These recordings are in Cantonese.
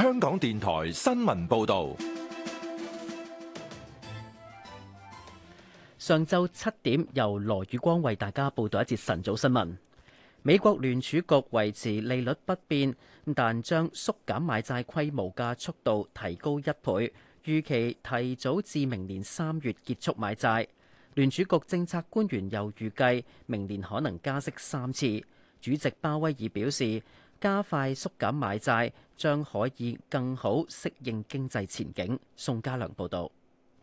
香港電台新聞報道，上晝七點由羅宇光為大家報道一節晨早新聞。美國聯儲局維持利率不變，但將縮減買債規模嘅速度提高一倍，預期提早至明年三月結束買債。聯儲局政策官員又預計明年可能加息三次。主席鮑威爾表示，加快縮減買債，將可以更好適應經濟前景。宋家良報導。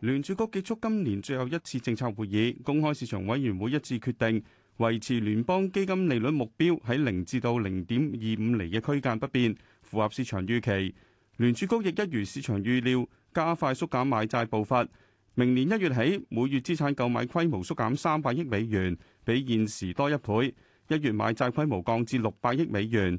聯儲局結束今年最後一次政策會議，公開市場委員會一致決定維持聯邦基金利率目標喺零至到零點二五厘嘅區間不變，符合市場預期。聯儲局亦一如市場預料，加快縮減買債步伐。明年一月起，每月資產購買規模縮減三百億美元，比現時多一倍。一月買債規模降至六百億美元。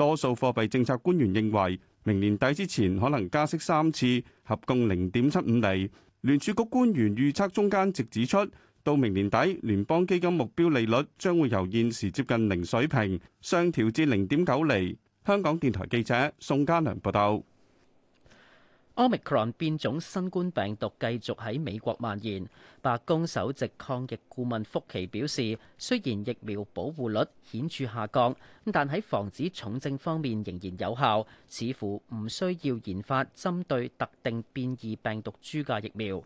多數貨幣政策官員認為，明年底之前可能加息三次，合共零點七五厘。聯儲局官員預測中間值指出，到明年底，聯邦基金目標利率將會由現時接近零水平上調至零點九厘。香港電台記者宋嘉良報道。Omicron 變種新冠病毒繼續喺美國蔓延，白宮首席抗疫顧問福奇表示，雖然疫苗保護率顯著下降，但喺防止重症方面仍然有效，似乎唔需要研發針對特定變異病毒株嘅疫苗。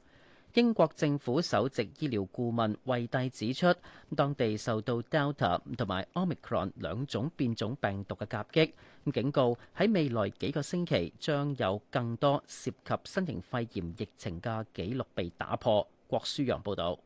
英國政府首席醫療顧問惠蒂指出，當地受到 Delta 同埋 Omicron 兩種變種病毒嘅夾擊，警告喺未來幾個星期將有更多涉及新型肺炎疫情嘅紀錄被打破。郭舒揚報導，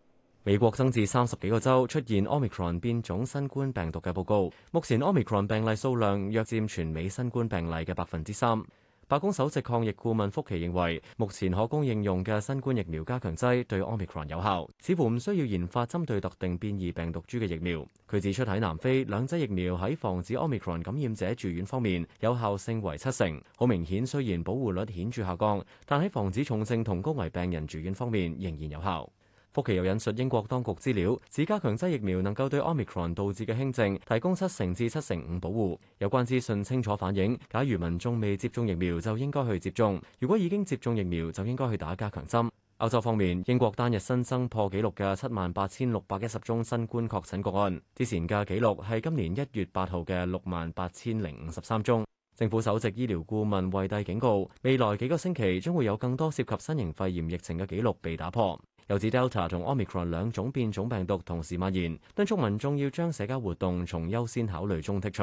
美國增至三十幾個州出現 Omicron 變種新冠病毒嘅報告，目前 Omicron 病例數量約佔全美新冠病例嘅百分之三。白宮首席抗疫顧問福奇認為，目前可供應用嘅新冠疫苗加強劑對 Omicron 有效，似乎唔需要研發針對特定變異病毒株嘅疫苗。佢指出喺南非，兩劑疫苗喺防止 Omicron 感染者住院方面有效性為七成，好明顯。雖然保護率顯著下降，但喺防止重症同高危病人住院方面仍然有效。福奇又引述英國當局資料，指加強劑疫苗能夠對 omicron 導致嘅輕症提供七成至七成五保護。有關資訊清楚反映，假如民眾未接種疫苗，就應該去接種；如果已經接種疫苗，就應該去打加強針。歐洲方面，英國單日新增破紀錄嘅七萬八千六百一十宗新冠確診個案，之前嘅紀錄係今年一月八號嘅六萬八千零五十三宗。政府首席醫療顧問惠蒂警告，未來幾個星期將會有更多涉及新型肺炎疫情嘅紀錄被打破。又指 Delta 同 Omicron 兩種變種病毒同時蔓延，敦促民眾要將社交活動從優先考慮中剔除。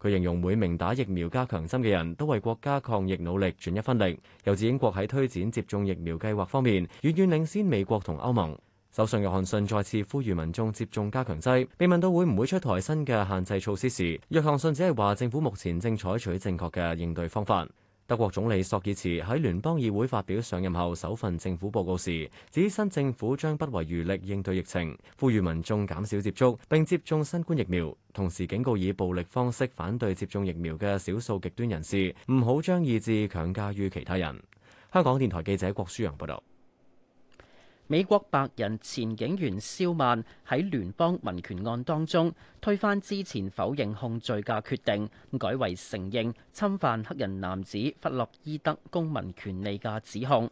佢形容每名打疫苗加強針嘅人都為國家抗疫努力盡一分力。又指英國喺推展接種疫苗計劃方面，遠遠領先美國同歐盟。首相約翰遜再次呼籲民眾接種加強劑，被問到會唔會出台新嘅限制措施時，約翰遜只係話政府目前正採取正確嘅應對方法。德國總理索爾茨喺聯邦議會發表上任後首份政府報告時，指新政府將不遺餘力應對疫情，呼籲民眾減少接觸並接種新冠疫苗，同時警告以暴力方式反對接種疫苗嘅少數極端人士，唔好將意志強加於其他人。香港電台記者郭舒揚報道。美國白人前警員肖曼喺聯邦民權案當中推翻之前否認控罪嘅決定，改為承認侵犯黑人男子弗洛伊德公民權利嘅指控。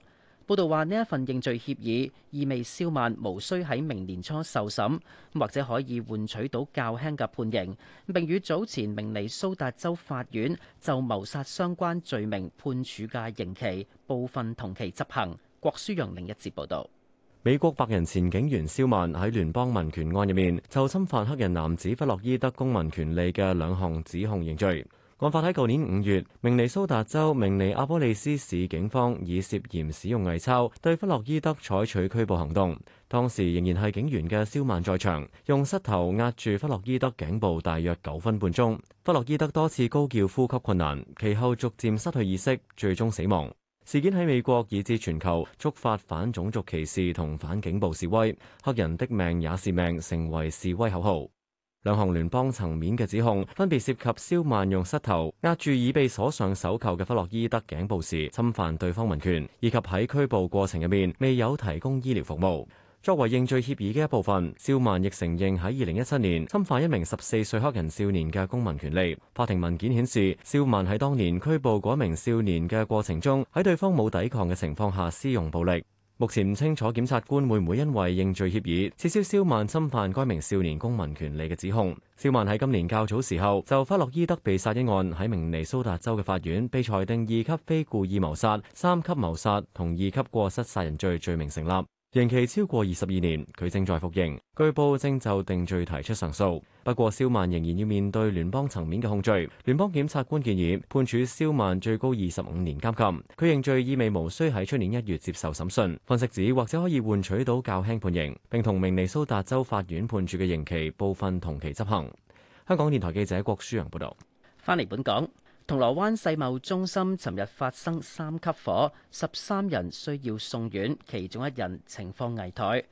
報道話呢一份認罪協議意味肖曼無需喺明年初受審，或者可以換取到較輕嘅判刑，並與早前明尼蘇達州法院就謀殺相關罪名判處嘅刑期部分同期執行。郭書陽另一節報道。美國白人前警員肖曼喺聯邦民權案入面，就侵犯黑人男子弗洛伊德公民權利嘅兩項指控認罪。案發喺舊年五月，明尼蘇達州明尼阿波利斯市警方以涉嫌使用偽鈔對弗洛伊德採取拘捕行動，當時仍然係警員嘅肖曼在場，用膝頭壓住弗洛伊德頸部大約九分半鐘，弗洛伊德多次高叫呼吸困難，其後逐漸失去意識，最終死亡。事件喺美國以至全球，觸發反種族歧視同反警暴示威，黑人的命也是命成為示威口號。兩項聯邦層面嘅指控分別涉及肖曼用膝頭壓住已被鎖上手扣嘅弗洛伊德頸部時侵犯對方民權，以及喺拘捕過程入面未有提供醫療服務。作為認罪協議嘅一部分，肖曼亦承認喺二零一七年侵犯一名十四歲黑人少年嘅公民權利。法庭文件顯示，肖曼喺當年拘捕嗰名少年嘅過程中，喺對方冇抵抗嘅情況下施用暴力。目前唔清楚檢察官會唔會因為認罪協議撤銷肖曼侵犯該名少年公民權利嘅指控。肖曼喺今年較早時候就弗洛伊德被殺一案喺明尼蘇達州嘅法院被裁定二級非故意謀殺、三級謀殺同二級過失殺人罪罪名成立。刑期超過二十二年，佢正在服刑，據報正就定罪提出上訴。不過，肖曼仍然要面對聯邦層面嘅控罪。聯邦檢察官建議判處肖曼最高二十五年監禁。佢認罪意味無需喺出年一月接受審訊。分析指，或者可以換取到較輕判刑，並同明尼蘇達州法院判處嘅刑期部分同期執行。香港電台記者郭舒陽報道。翻嚟本港。銅鑼灣世貿中心尋日發生三級火，十三人需要送院，其中一人情況危殆。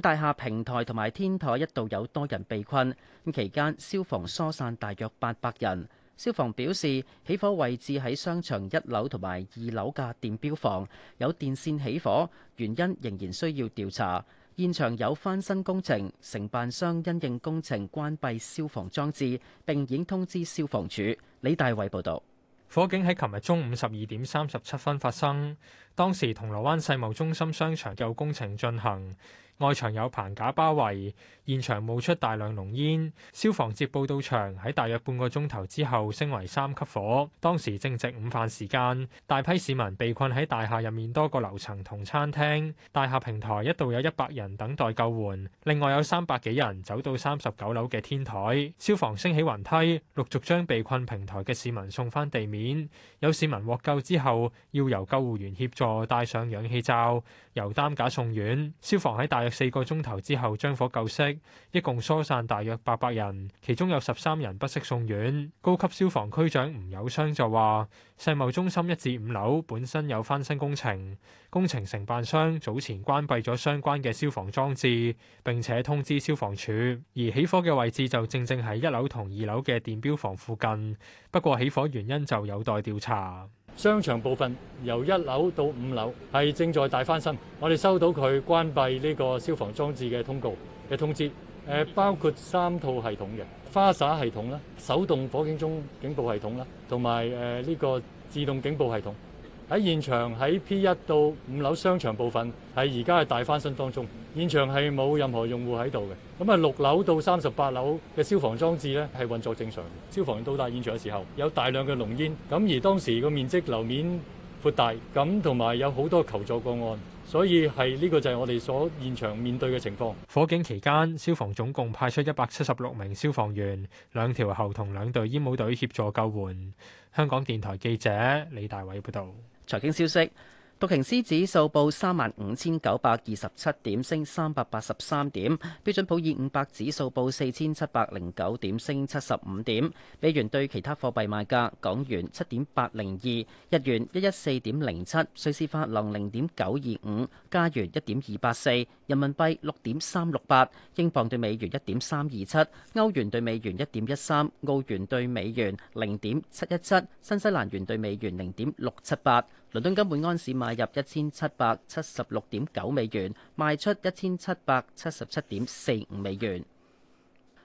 大廈平台同埋天台一度有多人被困，期間消防疏散大約八百人。消防表示起火位置喺商場一樓同埋二樓嘅電錶房，有電線起火，原因仍然需要調查。現場有翻新工程，承辦商因應工程關閉消防裝置，並已經通知消防處。李大偉報道，火警喺琴日中午十二點三十七分發生，當時銅鑼灣世貿中心商場有工程進行。外牆有棚架包圍，現場冒出大量濃煙。消防接報到場，喺大約半個鐘頭之後升為三級火。當時正值午飯時間，大批市民被困喺大廈入面多個樓層同餐廳。大廈平台一度有一百人等待救援，另外有三百幾人走到三十九樓嘅天台。消防升起雲梯，陸續將被困平台嘅市民送返地面。有市民獲救之後，要由救護員協助戴上氧氣罩，由擔架送院。消防喺大廈四個鐘頭之後將火救熄，一共疏散大約八百人，其中有十三人不適送院。高級消防區長吳友商就話：世貿中心一至五樓本身有翻新工程，工程承辦商早前關閉咗相關嘅消防裝置，並且通知消防處。而起火嘅位置就正正喺一樓同二樓嘅電表房附近，不過起火原因就有待調查。商場部分由一樓到五樓係正在大翻新，我哋收到佢關閉呢個消防裝置嘅通告嘅通知。誒，包括三套系統嘅花灑系統啦、手動火警鐘警報系統啦，同埋誒呢個自動警報系統。喺現場喺 P 一到五樓商場部分係而家係大翻新當中，現場係冇任何用戶喺度嘅。咁啊六樓到三十八樓嘅消防裝置呢，係運作正常。消防員到達現場嘅時候，有大量嘅濃煙。咁而當時個面積樓面闊大，咁同埋有好多求助個案，所以係呢個就係我哋所現場面對嘅情況。火警期間，消防總共派出一百七十六名消防員，兩條喉同兩隊煙帽隊協助救援。香港電台記者李大偉報導。財經消息：道瓊斯指數報三萬五千九百二十七點，升三百八十三點；標準普爾五百指數報四千七百零九點，升七十五點。美元對其他貨幣賣價：港元七點八零二，日元一一四點零七，瑞士法郎零點九二五，加元一點二八四，人民幣六點三六八，英鎊對美元一點三二七，歐元對美元一點一三，澳元對美元零點七一七，新西蘭元對美元零點六七八。倫敦金每安士買入一千七百七十六點九美元，賣出一千七百七十七點四五美元。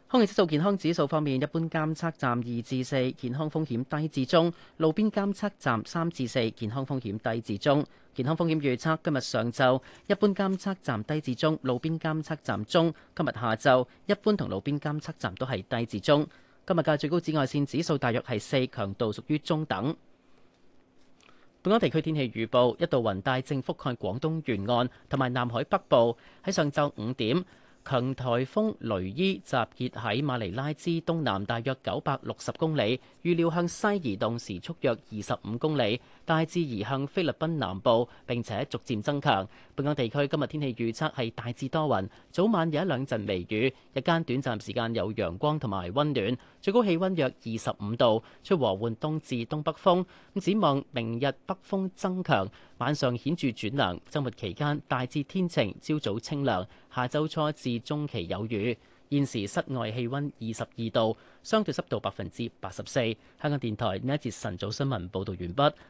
空氣質素健康指數方面，一般監測站二至四，健康風險低至中；路邊監測站三至四，健康風險低至中。健康風險預測今日上晝，一般監測站低至中，路邊監測站中。今日下晝，一般同路邊監測站都係低至中。今日嘅最高紫外線指數大約係四，強度屬於中等。本港地區天氣預報：一道雲帶正覆蓋廣東沿岸同埋南海北部。喺上晝五點，強颱風雷伊集結喺馬尼拉之東南，大約九百六十公里。預料向西移動，時速約二十五公里。大致移向菲律賓南部，並且逐漸增強。本港地區今日天氣預測係大致多雲，早晚有一兩陣微雨，日間短暫時間有陽光同埋溫暖，最高氣溫約二十五度，出和緩東至東北風。咁展望明日北風增強，晚上顯著轉涼。周末期間大致天晴，朝早清涼，下周初至中期有雨。現時室外氣溫二十二度，相對濕度百分之八十四。香港電台呢一節晨早新聞報道完畢。